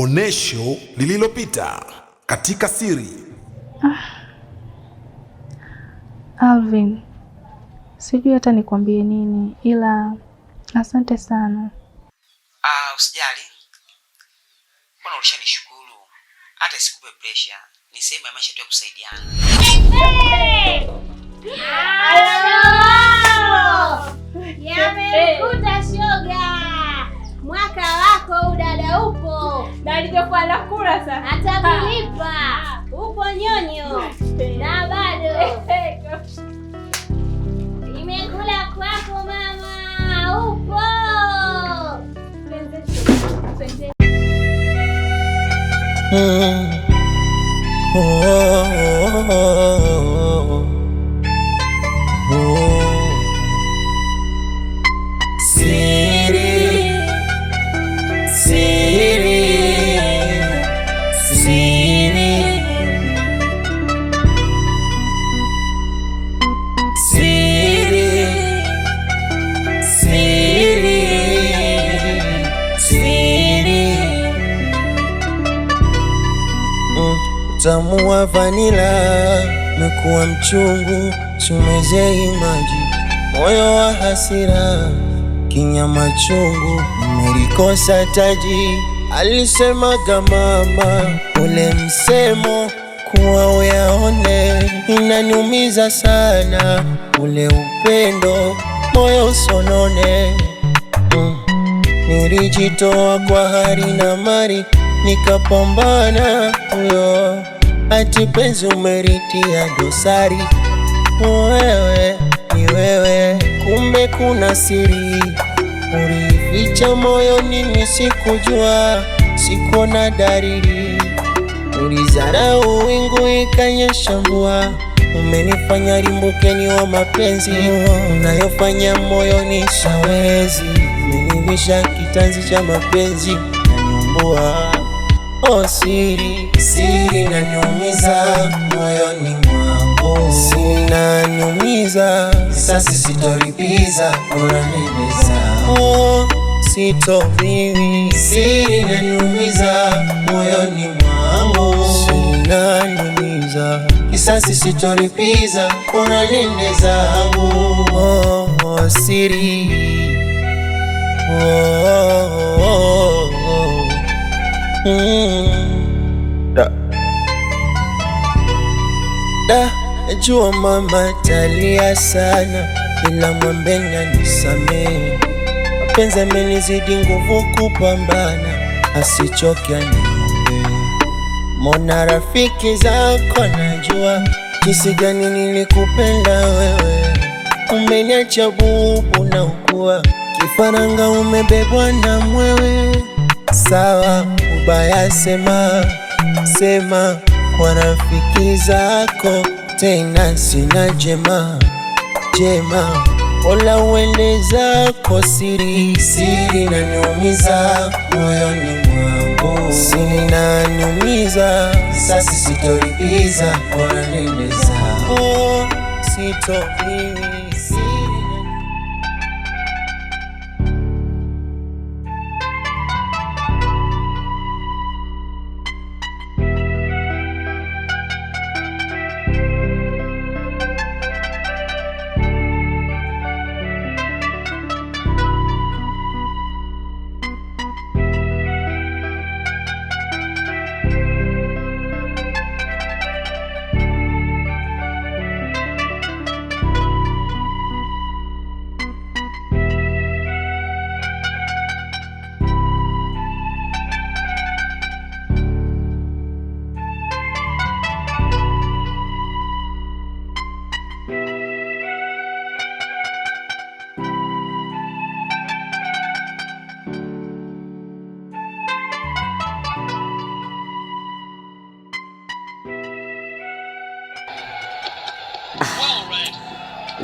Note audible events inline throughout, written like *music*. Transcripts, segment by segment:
Onesho lililopita katika siri. Ah, Alvin, sijui hata nikwambie nini, ila asante sana. Ah, usijali bwana, ulishanishukuru hata sikupe presha, ni sehemu ya maisha tu ya kusaidiana. utamu wa vanila mekuwa mchungu, tumejei maji, moyo wa hasira, kinyama chungu, nimelikosa taji. Alisemaga mama ule msemo kuwa uyaone, inaniumiza sana ule upendo, moyo sonone Mm, nilijitoa kwa hari na mari nikapambana huyo ati penzi umeritia dosari, wewe ni wewe, kumbe kuna siri ulificha moyoni, nisikujua, sikuona dalili, ulizarau wingu ikanyesha mvua, umenifanya limbukeni wa mapenzi unayofanya moyoni, shawezi umenivisha kitanzi cha mapenzi naniumbua, oh siri inaniumiza moyoni mwangu, sinaniumiza sasa, sitoripiza unanibeza oh, sitoriwi, sinaniumiza moyoni mwangu, sinaniumiza kisasi sitoripiza unanende zangu oh, oh, siri oh, oh, oh. oh, oh. Mm. Da, jua mama talia sana, ila mwambena nisamehe, mapenzi amenizidi nguvu kupambana, asichoke aniombee. Mona rafiki zako najua jinsi gani nilikupenda wewe, umeniacha bubu na ukua kifaranga, umebebwa na mwewe. Sawa, ubaya sema sema kwa rafiki zako, tena sina jema jema, wala ueleza zako siri siri, naniumiza moyoni mwangu, siri naniumiza sasa, sitoripiza wala zako, oh, sitoi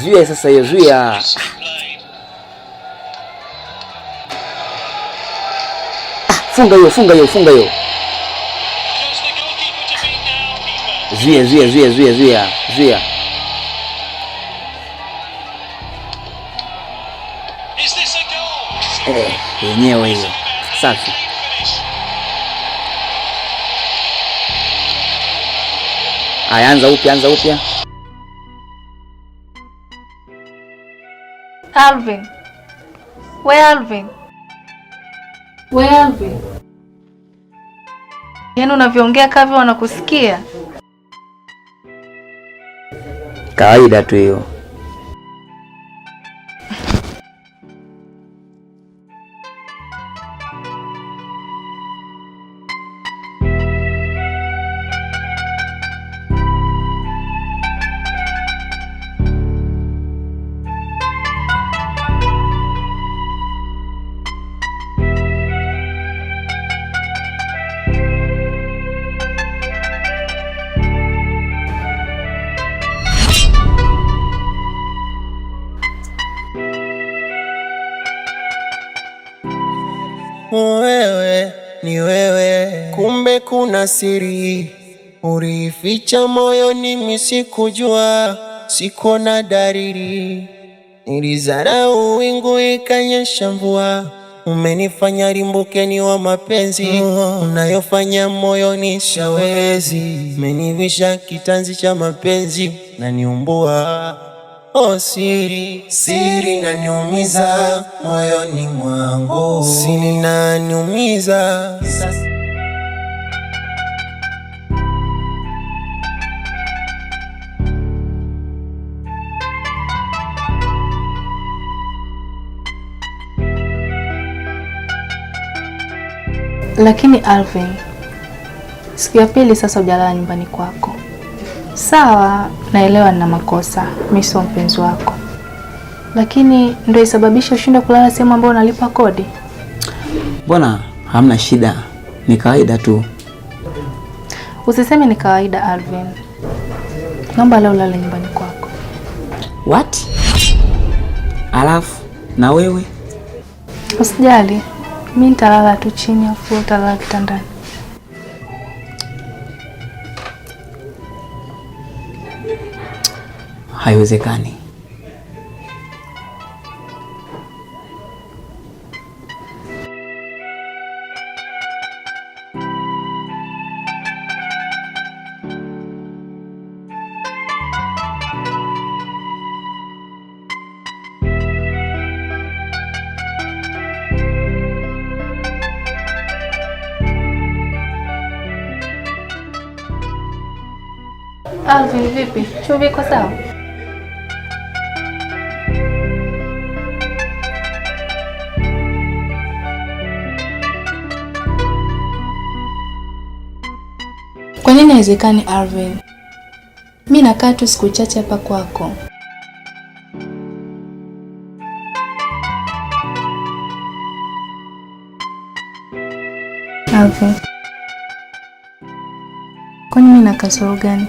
Zuia sasa hiyo, zuia. Ah, funga hiyo, funga hiyo, funga hiyo. Zuia, zuia, zuia, zuia, zuia, zuia. Eh, yenyewe hiyo. Safi. ayaanza upya, anza upya. Alvin. We Alvin. We Alvin. Yaani unavyoongea kavyo wanakusikia? Kawaida tu hiyo. kuna siri urificha moyoni, misikujua siko na dalili, nilizarau wingu ikanyesha mvua, umenifanya limbukeni wa mapenzi, unayofanya moyoni shawezi, umenivisha kitanzi cha mapenzi na niumbua Oh, siri siri naniumiza moyoni mwangu, siri naniumiza Lakini Alvin, siku ya pili sasa hujalala nyumbani kwako. Sawa, naelewa nina makosa, mimi sio mpenzi wako, lakini ndio isababisha ushindwe kulala sehemu ambayo unalipa kodi? Mbona hamna shida, ni kawaida tu. Usiseme ni kawaida Alvin, naomba leo ulale nyumbani kwako. What? Alafu na wewe usijali. Mi nitalala tu chini afu utalala kitandani. Haiwezekani. Alvin, ah, vipi? Chumvi iko sawa? Kwa nini haiwezekani Alvin? Mi nakaa tu siku chache hapa kwako. Alvin. Kwani mi na kasoro gani?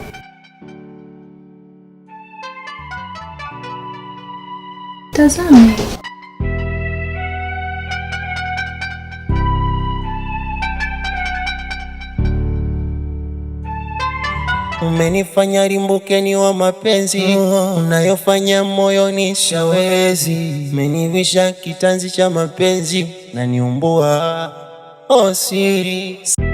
Tazame. Umenifanya ni wa mapenzi unayofanya moyoni shawezi, umenivisha kitanzi cha mapenzi na niumbua osiri oh,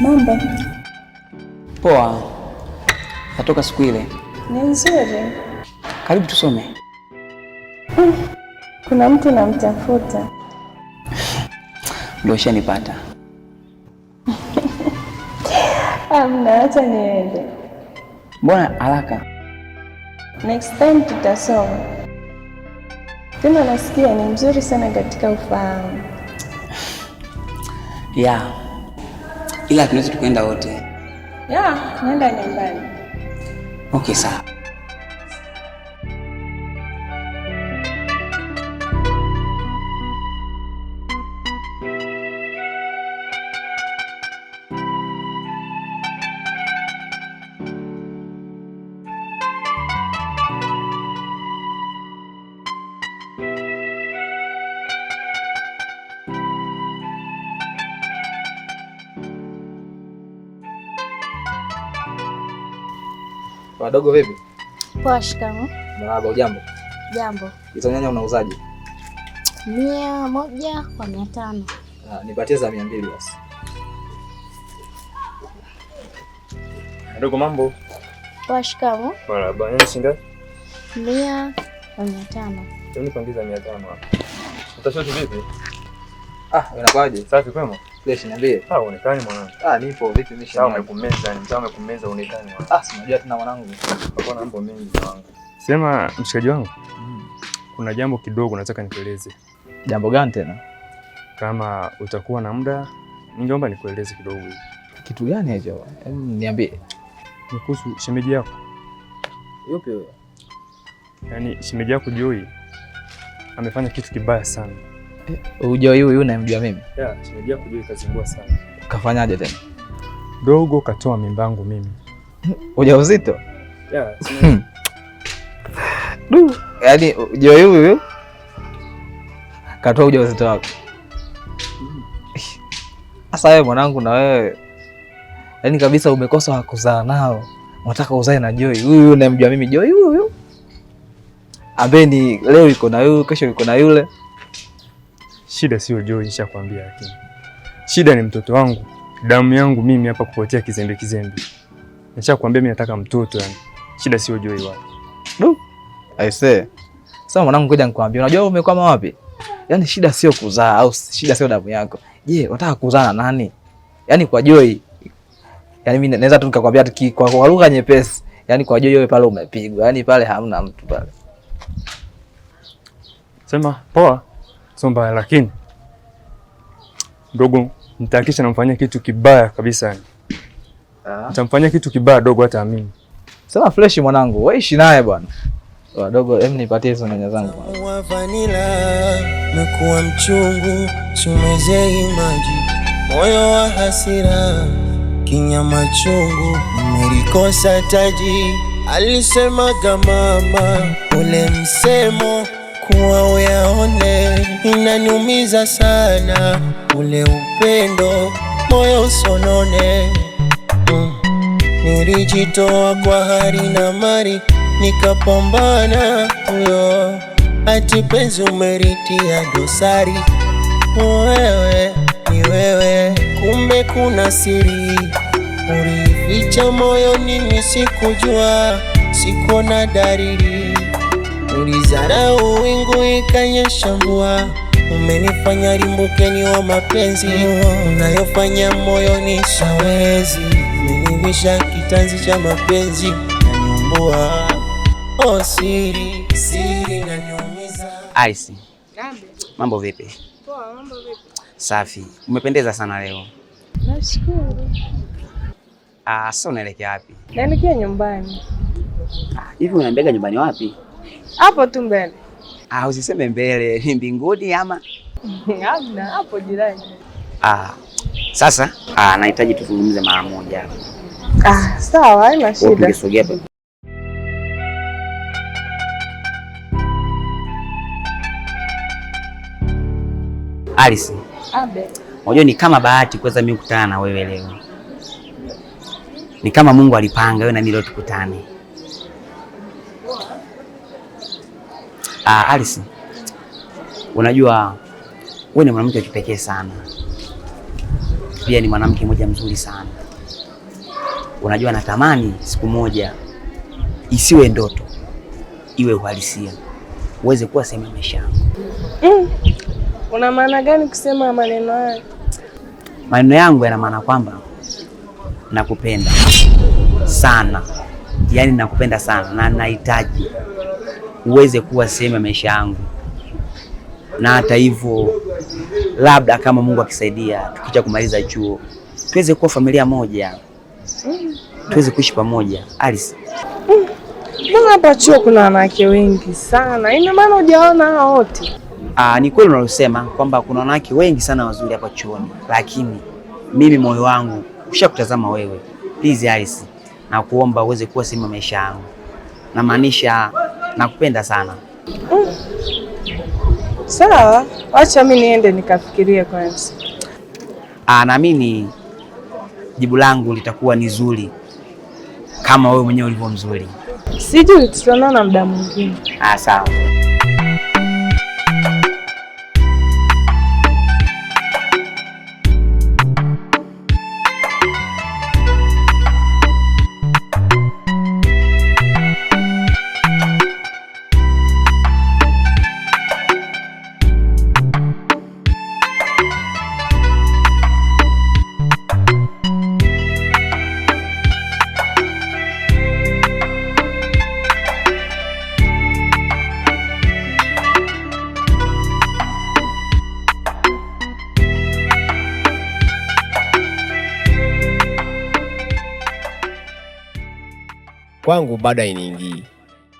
Mambo poa. Natoka siku ile ni nzuri. Karibu tusome. Hmm. Kuna mtu namtafuta. Ndio shanipata. *laughs* Amna, acha niende. Mbona haraka? Next time tutasoma tena. Nasikia ni mzuri sana katika ufahamu. yeah ila tunaweza tukaenda wote. Yeah, tunaenda nyumbani. Okay, sawa. Madogo vipi? Poa, shikamoo. Marahaba, ujambo? Jambo. Hizo nyanya unauzaje? Mia moja kwa mia tano. Ah, nipatie za mia mbili basi. Dogo, mambo? Poa, shikamoo. Marahaba. Nyanya shilingi ngapi? Mia kwa mia tano. Nipangiza mia tano hapa. Utashoto vipi? Ah, inakwaje? Safi, kwema? Fresh niambie. Ah, mwanangu. Ah, nipo vipi mimi umekumeza, ni umekumeza Ah, tena mwanangu. Hapo na mambo mengi mwanangu. Sema mshikaji wangu. Mm. Kuna jambo kidogo nataka nikueleze. Jambo gani tena? Kama utakuwa na muda, ningeomba nikueleze kidogo hivi. Kitu gani hicho? Hebu niambie. Ni kuhusu shemeji yako. Yupi huyo? Yaani shemeji yako Joy amefanya kitu kibaya sana. Eh, ujue huyu namjua mimi. Yeah, nimejua kazi kazingua sana. Kafanyaje tena? Dogo katoa mimba yangu mimi. Ujauzito? Yeah, *laughs* hmm. Du, yaani ujue huyu katoa ujauzito wako. Hmm. Sasa wewe mwanangu, na wewe yaani kabisa umekosa kuzaa nao, unataka uzae na Joy huyu namjua mimi, Joy huyu ambaye ni leo yuko na huyu, kesho yuko na yule Shida sio Joy, nishakwambia, lakini shida ni mtoto wangu, damu yangu mimi hapa kupotea kizembe kizembe. Nishakwambia mimi nataka mtoto yani. Shida sio Joy wapi? No. I say. Sasa mwanangu, ngoja nikwambie, unajua umekwama wapi? Yaani shida sio kuzaa au shida sio damu yako. Je, unataka kuzaa na nani? Yaani kwa Joy. Yaani mimi naweza tu nikakwambia kwa, kwa lugha nyepesi. Yaani kwa Joy wewe pale umepigwa. Yaani pale hamna mtu pale. Sema poa sio mbaya, lakini dogo nitahakisha namfanyia kitu kibaya kabisa yani. Ah. Nitamfanyia kitu kibaya dogo hata amini. Sema fresh mwanangu, waishi naye bwana. Wadogo, hem nipatie hizo nyanya zangu vanila na kuwa mchungu chumezei maji moyo wa hasira kinyama chungu melikosa taji alisemaga mama ule msemo kuwa uyaone, inaniumiza sana ule upendo, moyo usonone. Mm, nilijitoa kwa hari na mari, nikapambana huyo, ati penzi umeritia dosari. Wewe ni wewe, kumbe kuna siri ulificha moyoni, nisikujua, sikuona dalili Ulizarau wingu ikanyesha mvua, umenifanya limbukeni wa mapenzi unayofanya moyoni sawezi, umenivisha kitanzi cha mapenzi naniumbua, oh, siri siri naniumiza. Aisi, mambo vipi? Poa, mambo vipi? Safi, umependeza sana leo. Nashukuru. Ah, sasa unaelekea wapi? Naelekea nyumbani. Ah, hivi unaambia nyumbani wapi? hapo tu mbele. Ah, usiseme mbele, ni mbinguni ama *laughs* hamna? hapo jirani. Ah, sasa ah, nahitaji tuzungumze mara moja. Ah, sawa, haina shida. Alice. Abe. Unajua ni kama bahati kuweza mimi kukutana na wewe leo. Ni kama Mungu alipanga wewe na mimi leo tukutane. Uh, ah, Alice, unajua wewe ni mwanamke wa kipekee sana, pia ni mwanamke mmoja mzuri sana. Unajua, natamani siku moja isiwe ndoto, iwe uhalisia, uweze kuwa sehemu ya maisha yangu. Mm. Una maana gani kusema maneno hayo? Maneno yangu yana maana kwamba nakupenda sana, yaani nakupenda sana na nahitaji uweze kuwa sehemu ya maisha yangu, na hata hivyo, labda kama Mungu akisaidia, tukija kumaliza chuo tuweze kuwa familia moja, tuweze kuishi pamoja. Alice, mbona hapa chuo kuna wanawake wengi sana? Ina maana hujaona hao wote? Ah, ni kweli unalosema kwamba kuna wanawake wengi sana wazuri hapa chuoni, lakini mimi moyo wangu ushakutazama wewe. Please Alice, na kuomba uweze kuwa sehemu ya maisha yangu, namaanisha nakupenda sana. Mm. Sawa, wacha mimi niende nikafikirie kwanza. Ah, naamini jibu langu litakuwa ni zuri kama wewe mwenyewe ulivyo mzuri. Sijui, tutaonana muda mwingine. Ah, sawa. kwangu bado hainiingii.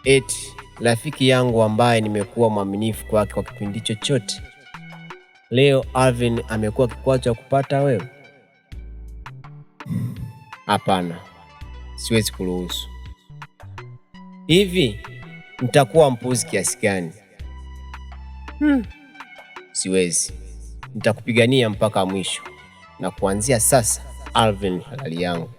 Eti rafiki yangu ambaye nimekuwa mwaminifu kwake kwa kipindi chochote, leo Alvin amekuwa kikwazo cha kupata wewe? Hapana, siwezi kuruhusu. Hivi nitakuwa mpuzi kiasi gani? Hmm, siwezi. Nitakupigania mpaka mwisho, na kuanzia sasa, Alvin halali yangu.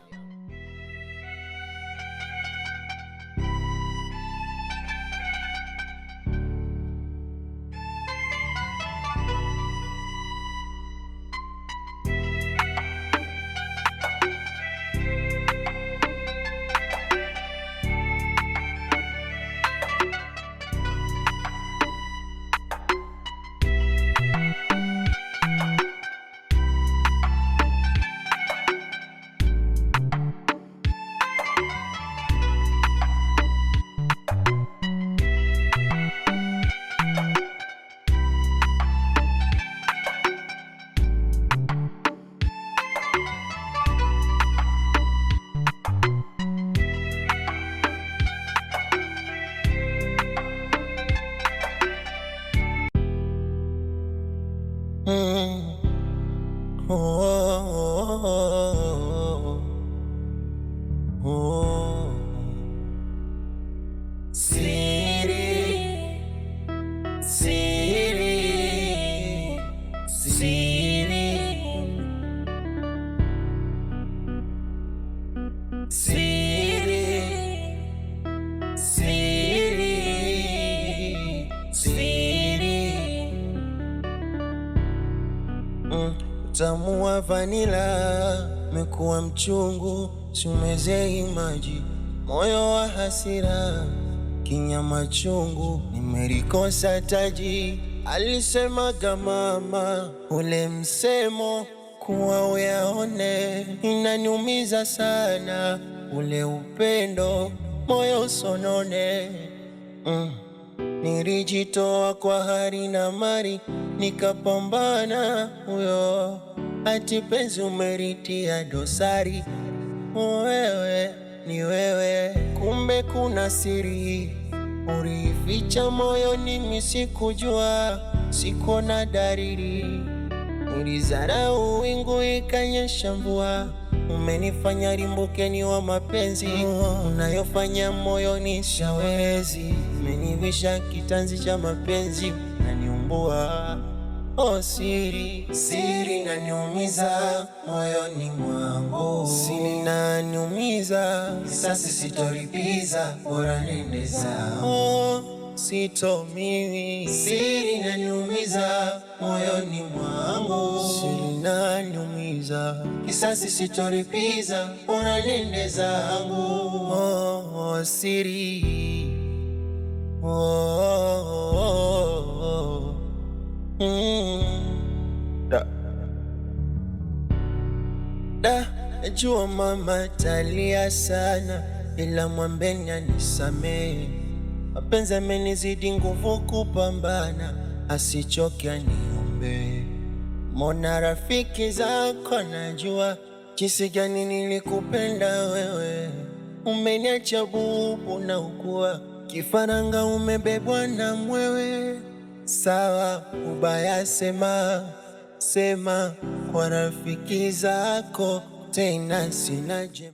Oh, oh, oh, uchungu siumezei maji, moyo wa hasira kinyama chungu, nimelikosa taji. Alisemaga mama ule msemo kuwa uyaone, inaniumiza sana ule upendo, moyo sonone Mm. Nilijitoa kwa hari na mari nikapambana huyo Ati penzi umeritia dosari, wewe ni wewe, kumbe kuna siri urificha moyoni, misikujua, sikuona dariri, ulizarau wingu ikanyesha mvua, umenifanya rimbukeni wa mapenzi, unayofanya moyoni shawezi, umenivisha kitanzi cha mapenzi naniumbua Oh, siri siri naniumiza moyoni mwangu, sini naniumiza kisasi sitoripiza, bora nende zao sitomiwi. Siri naniumiza moyoni mwangu, siri naniumiza kisasi sitoripiza, bora nende zangu. Oh, oh, siri oh, oh. Najua mama talia sana, ila mwambeni anisamehe. Mapenzi amenizidi nguvu kupambana, asichoke aniombee. Mona rafiki zako, najua jinsi gani nilikupenda wewe. Umeniacha bubu na ukua kifaranga, umebebwa na mwewe. Sawa, ubaya sema sema kwa rafiki zako entertain us in a gym.